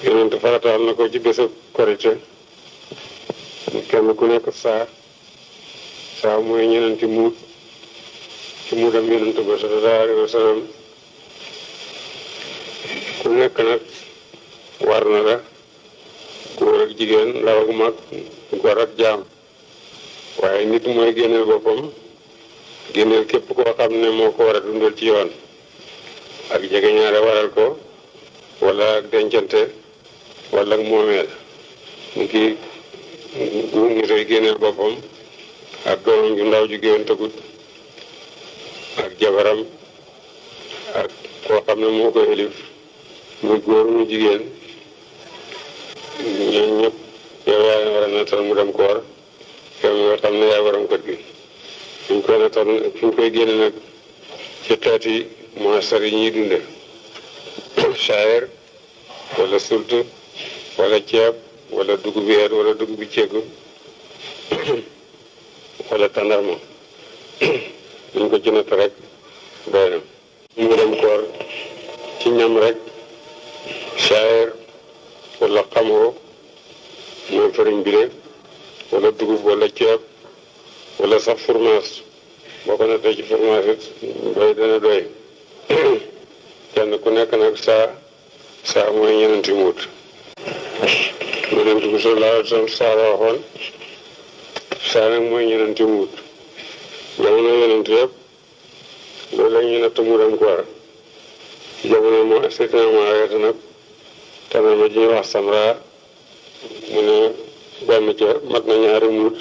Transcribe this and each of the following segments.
yonent farataal na ko ci bésab korite kenn ku nekk saa saa mooy ñenenti muut ci muutam yonent ba sallallahu alayhi wa sallam ku nekk nag war na la góor ak jigéen ndaw ak mag góor ak jaam waaye nit mooy génneel boppam génneel képp koo xam ne moo ko war a dundal ci yoon ak jege ñaare waral ko walla ak dencante wala ak moomeel ngi góor ngi rey génneel bopam ak doon ju ndaw ju géwén tëgut ak jabaram ak ko xamne ne moo ko élif muy góor mu jigen ñoom ñëpp yow yaa war a nattal mu dem koor yow nga xam ne yaa waram ko gi ñu ko na tan ñu koy génne nak ci mo sa ri ñi dundé chaer wala sultu wala ceeb wala dugub weer wala dugub ceegu wala tàndarma buñ ko jënat rek doy na mu dem koor ci ñam rek saayir wala xamoo mooy fariñ bi wala dugub wala ceeb wala sax fromage boo te nattee ci fromage it doy doy kenn ku nekk nag saa saa mooy ñeneen ti yonent bi sallallahu alayhi waxoon saa nag mooy yonent yi muut jamono yonent yëpp loolu la ñuy natt mu dem ko war jamono moo fekk na ma arrêté nag tànn ma ji wax samra mu ne benn ca mat na ñaari muut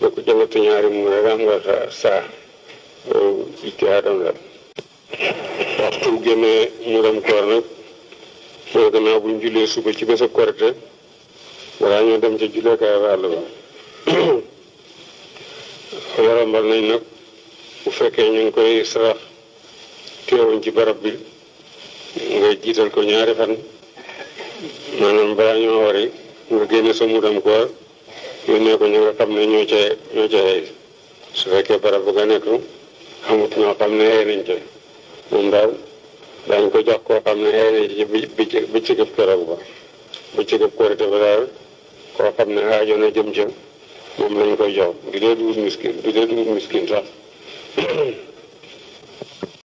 ba ku ca ñaari muut rek am nga saa loolu ittihaadam la waxtu génnee mu dem nag loolu gannaaw buñ jullee suba ci bés a korite balaa ñoo dem ca julleekaay ba ba warambal nañ nag bu fekkee ñu ngi koy sarax teewuñ ci barab bi nga jiital ko ñaari fan maanaam balaa ñoo wari nga génne sa mudam koor yónnee ko ñu nga xam ne ñoo cay ñoo ca su fekkee barab bu nga nekk xamut ñoo xam ne xëy nañ ca moom daal dañ ko jox koo xam ne xëy na ci bi bi ci gëf keroog ba bi ci gëf korite ba daal koo xam ne aajo na jëm ca moom lañ ko jox du dee duur miskin du dee duur miskin sax